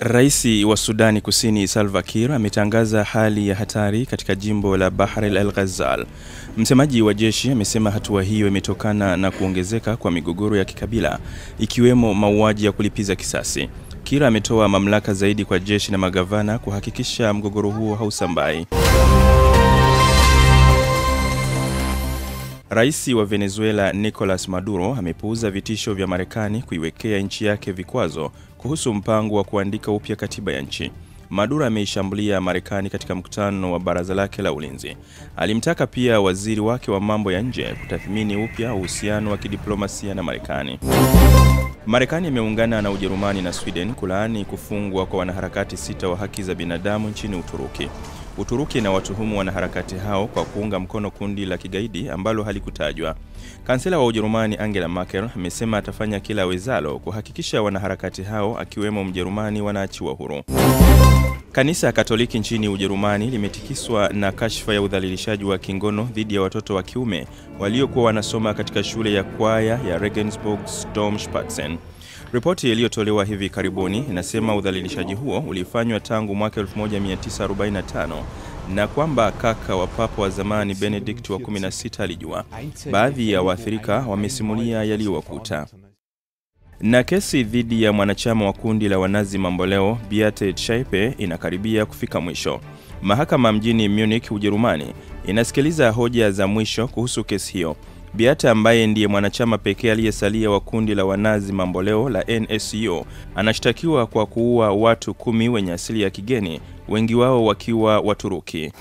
Rais wa Sudani Kusini Salva Kiir ametangaza hali ya hatari katika jimbo la Bahr el Ghazal. Msemaji wa jeshi amesema hatua hiyo imetokana na kuongezeka kwa migogoro ya kikabila ikiwemo mauaji ya kulipiza kisasi. Kiir ametoa mamlaka zaidi kwa jeshi na magavana kuhakikisha mgogoro huo hausambai. Rais wa Venezuela Nicolas Maduro amepuuza vitisho vya Marekani kuiwekea nchi yake vikwazo kuhusu mpango wa kuandika upya katiba ya nchi. Maduro ameishambulia Marekani katika mkutano wa baraza lake la ulinzi. Alimtaka pia waziri wake wa mambo ya nje kutathmini upya uhusiano wa kidiplomasia na Marekani. Marekani imeungana na Ujerumani na Sweden kulaani kufungwa kwa wanaharakati sita wa haki za binadamu nchini Uturuki. Uturuki na watuhumu wanaharakati hao kwa kuunga mkono kundi la kigaidi ambalo halikutajwa. Kansela wa Ujerumani Angela Merkel amesema atafanya kila awezalo kuhakikisha wanaharakati hao akiwemo Mjerumani wanaachiwa huru. Kanisa ya Katoliki nchini Ujerumani limetikiswa na kashfa ya udhalilishaji wa kingono dhidi ya watoto wa kiume waliokuwa wanasoma katika shule ya kwaya ya Regensburg Sturmspatzen. Ripoti iliyotolewa hivi karibuni inasema udhalilishaji huo ulifanywa tangu mwaka 1945 na kwamba kaka wa papa wa zamani Benedict wa 16 alijua. Baadhi ya waathirika wamesimulia yaliyowakuta. Na kesi dhidi ya mwanachama wa kundi la wanazi mamboleo Beate Chaipe inakaribia kufika mwisho. Mahakama mjini Munich, Ujerumani inasikiliza hoja za mwisho kuhusu kesi hiyo. Beate ambaye ndiye mwanachama pekee aliyesalia wa kundi la wanazi mamboleo la NSU anashtakiwa kwa kuua watu kumi wenye asili ya kigeni, wengi wao wakiwa Waturuki.